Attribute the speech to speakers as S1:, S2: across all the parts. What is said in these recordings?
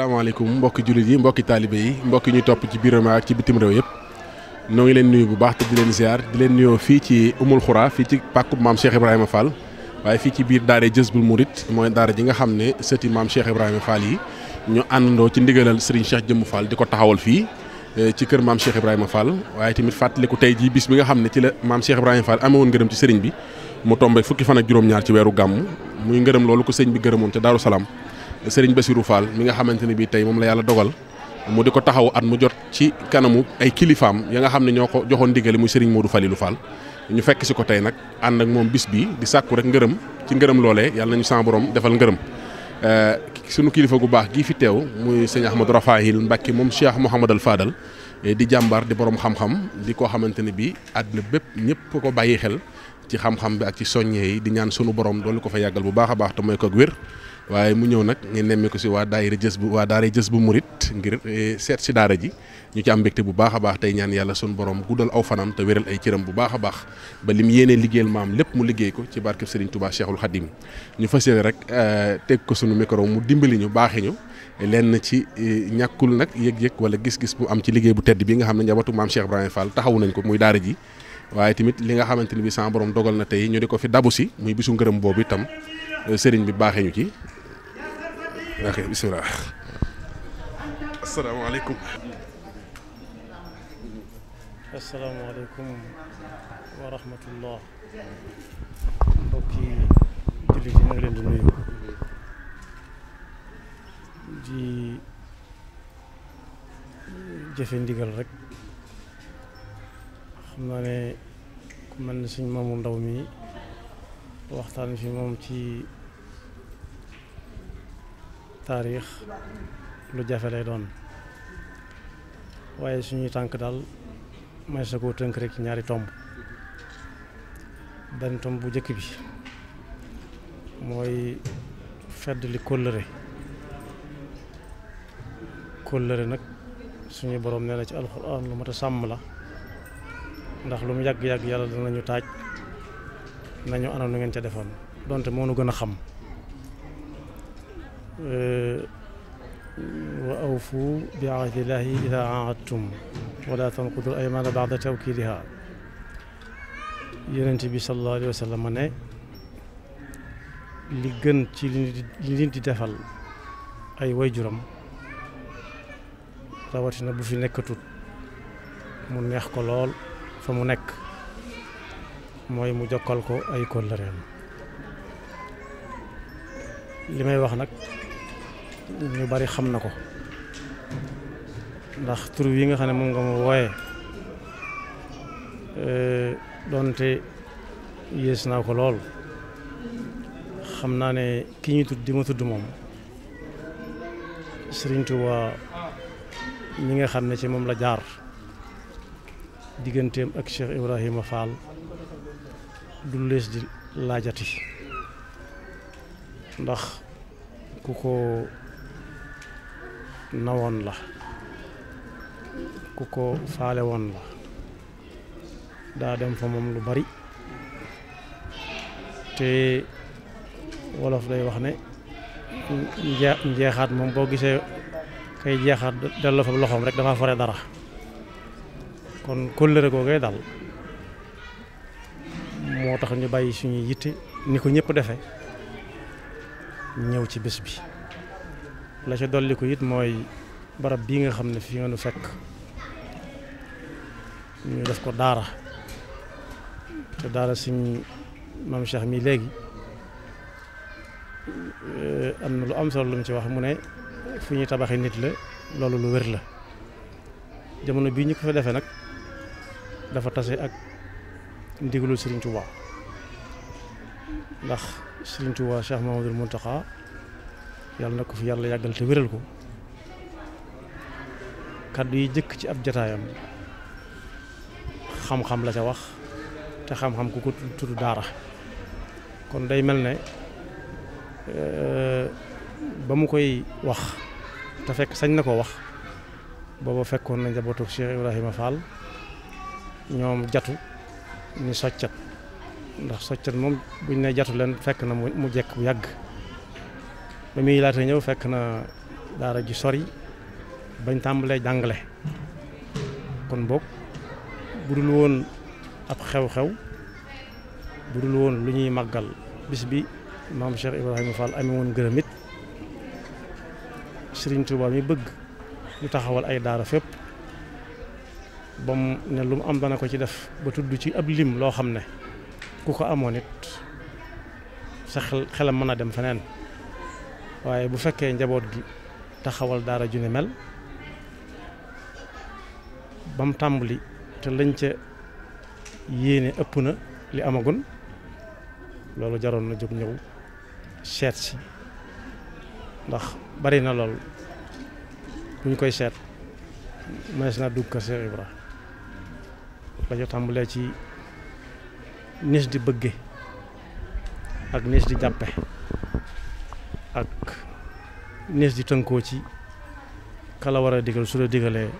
S1: asalaamaaleykum mbokki jullit yi mbokki taalibe yi mbokki ñu topp ci biir réew mi ak ci bitim réew yëpp noo ngi leen nuyu bu baax te di leen ziar di leen nuyoo fii ci umul xuraa fii ci pàkkub maam Cheikh Ibrahima Fall waaye fii ci biir daara Jazbul Murid mooy daara ji nga xam ne sëti maam Cheikh Ibrahima faal yi ñu àndandoo ci ndigalal Serigne Cheikh Jëmm Fall di ko taxawal fii eh, ci kër maam Cheikh Ibrahima Fall waaye tamit fàttaliku tey ji bis bi nga xam ne ci la maam Cheikh Ibrahima Fall amewoon ngërëm ci sëriñ bi mu tombé fukki fan ak ñaar ci weeru gàmm muy ngërëm loolu ko sëriñ bi gërëmoon ca Daaru Salaam sëriñ Bassirou Fall mi nga xamante ne bii tey moom la yàlla dogal mu di ko taxaw at mu jot ci kanamu ay kilifaam ya nga xam ne ñoo ko joxoon ndigali muy sëriñ Modou Falilou Fall ñu fekk si ko tey nag ànd ak moom bis bi di sàkku rek ngërëm ci ngërëm loole yàlla nañu sama borom defal ngërëm eh, sunu kilifa gu baax gii fi teew muy sëñ Ahmadou Rafahil Mbacke moom Cheikh Mouhamadal Fadal eh, di jàmbaar di borom xam-xam di koo xamante ne bii àdduna bépp ñëpp ko bàyyi xel ci xam-xam ak ci soññee yi di ñaan sunu borom doolu ko fa yàggal bu baax a baax te mooy ko wér waaye mu ñëw nag ngeen nemmee ko si waa daayira jës bu waa daara jës bu murit ngir eh, seet si daara ji ñu ci am mbégte bu baax a baax tey ñaan yàlla sun borom guddal aw fanam te wéral ay cëram bu baax a baax ba lim yéenee liggéeyal maam lépp mu liggéey ko ci barkeb Serigne Touba Cheikhul Khadim ñu fas yéene rek eh, teg ko sunu micro mu dimbali ñu baaxee ñu lenn ci eh, ñàkkul nag yëg-yëg wala gis-gis bu am ci liggéey bu tedd bi nga xam ne njabootu maam Cheikh Ibrahima Fall taxawu nañ ko muy daara ji waaye tamit li nga xamante ni bi sama borom dogal na tey ñu di ko fi dabu muy bisu ngërëm boobu itam sëriñ bi baaxee ñu ci ok bisimilah asalaamaaleykum.
S2: asalaamaaleykum wa rahmatullah mbokki di jëfe ndigal rek xam naa ne ku mel ne suñ moomu ndaw mi waxtaan fi moom ci. taarix lu jafe lay doon waaye suñuy tànk daal may sa koo tënk rek ci ñaari tomb benn tomb bu njëkk bi mooy fedd li kóllëre kóllëre nag suñu borom nee na ci alxuraan lu mat a sàmm la ndax lu mu yàgg-yàgg yàlla danañu taaj nañu ana nu ngeen ca defoon donte moo nu gën a xam wa awfu bi ahdillahi ida ahadtum wala tanqudu aymana bada tawkidiha yonent bi sallallahu alayhi wa sallam ne li gën ci li leen di defal ay wayjuram rawatina bu fi nekkatut mu neex ko lool fa mu nekk mooy mu jokkal ko ay kóllëreem li may wax nag ñu bari xam na ko ndax tur yi nga xam ne moom nga ma wooye eh, doonte yées naa ko lool xam naa ne ki ñuy tudd di ma tudd moom Sëriñ mi nga xam ne ci moom la jaar digganteem ak Cheikh Ibrahima Fall du lees di laajati ndax ku ko nawoon la ku ko faale woon la daa dem fa moom lu bari te wolof day wax ne njeexaat moom boo gisee kay jeexaat delloo fa loxoom rek dafa fore dara kon kóllëre googee dal moo tax ñu bàyyi suñuy yitte ni ko ñëpp defe ñëw ci bés bi la ca dolliku it mooy barab bii nga xam ne fi nga nu fekk ñu def ko daara te daara suñ maam Cheikh mii léegi eh, am na lu am solo lum mu ci wax mu ne fu ñuy tabaxee nit la loolu lu wér la jamono bii ñu ko fa defee nag dafa tase ak ndigalul Serigne Touba ndax Serigne Touba Cheikh Mamadou Mountakha yàlla na ko fi yàlla yàggal te wéral ko kàddu yi jëkk ci ab jataayam xam-xam la ca wax te xam-xam ku ko tudd daara kon day mel ne euh, ba mu koy wax te fekk sañ na ko wax booba fekkoon na njabootu Cheikh Ibrahima Fall ñoom jatu ni soccet ndax soccet moom buñ ne jatu leen fekk na mu jekk bu yàgg ba muy laata ñëw fekk na daara ji sori bañ tàmbalee jàngale kon boog budul woon ab xew-xew budul woon lu ñuy màggal bis bi maam Cheikh Ibrahima Fall amee woon gërëm it Serigne Touba mi bëgg ñu taxawal ay daara fépp ba mu ne lu mu am dana ko ci def ba tudd ci ab lim loo xam ne ku ko amoon it sa xel xelam mën a dem feneen. waaye bu fekkee njaboot gi taxawal daara ju ne mel ba mu tàmbali te lañ ca yéene ëpp na li amagun loolu jaroon na jóg ñëw seet si ndax bari na lool bu ñu koy seet mënees naa dugg kër Cheikh Ibra la ñu ci nees di bëgge ak nees di jàppe ak nees di tënkoo ci kala war a digal su la digalee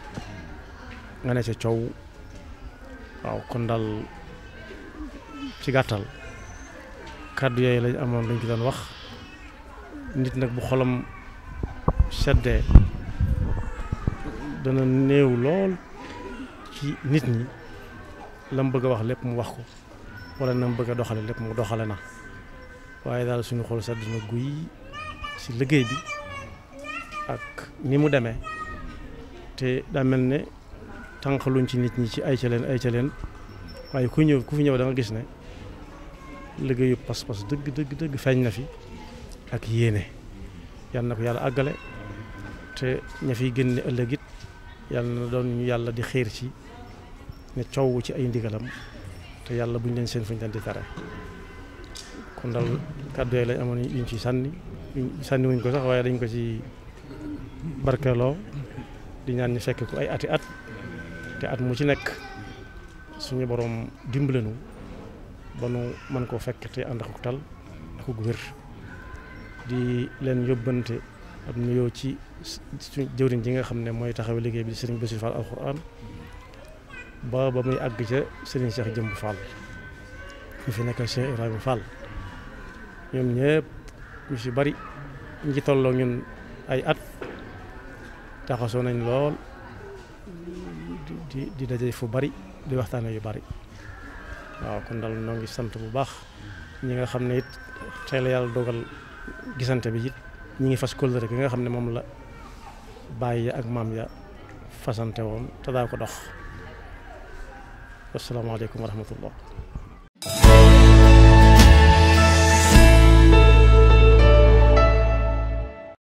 S2: nga ne ca coow waaw kon daal ci gàttal kàddu yooyu lañ amoon luñ ci doon wax nit nag bu xolam seddee dana néew lool ci nit ñi la mu bëgg a wax lépp mu wax ko wala na mu bëgg a doxale lépp mu doxale na waaye daal suñu xol sedd na guy liggéey bi ak ni mu demee te daa mel ne tànqaluñ ci nit ñi ci ay ca leen ay ca leen waaye ku ñëw ku fi ñëw da gis ne liggéeyu pas-pas dëgg dëgg dëgg feeñ na fi ak yéene yal na ko yàlla àggale te ña fiy génne ëllëg it na doon ñu yàlla di xiir ci ne coow ci ay ndigalam te yàlla buñ leen seen fuñ leen di tare kon daal kàddu yi lañ amoon yuñ ci sànni sànni wuñ ko sax waaye dañ ko ci barkeloo di ñaan ñu fekk ko ay ati at te at mu ci nekk suñu boroom dimbalenu ba nu mën koo fekk te ànd ak tal ak wér di leen yóbbante ab nuyoo ci suñ jëwriñ ji nga xam ne mooy taxaw liggéey bi sëriñ Bassirou Fall alxuraan ba ba muy àgg ca sëriñ Cheikh Jëmb Fall ñu fi nekkal Cheikh Ibrahima Fall ñoom ñëpp ñu si bari ñu ci tolloo ñun ay at taxasoo nañ lool di di daje fu bari di waxtaane yu bari waaw kon daal noo ngi sant bu baax ñi nga xam ne it tey la yàlla dogal gisante bi it ñi ngi fas kóllëre gi nga xam ne moom la bàyyi ak maam ya fasante woon te daa ko dox wasalaamaaleykum wa rahmatullah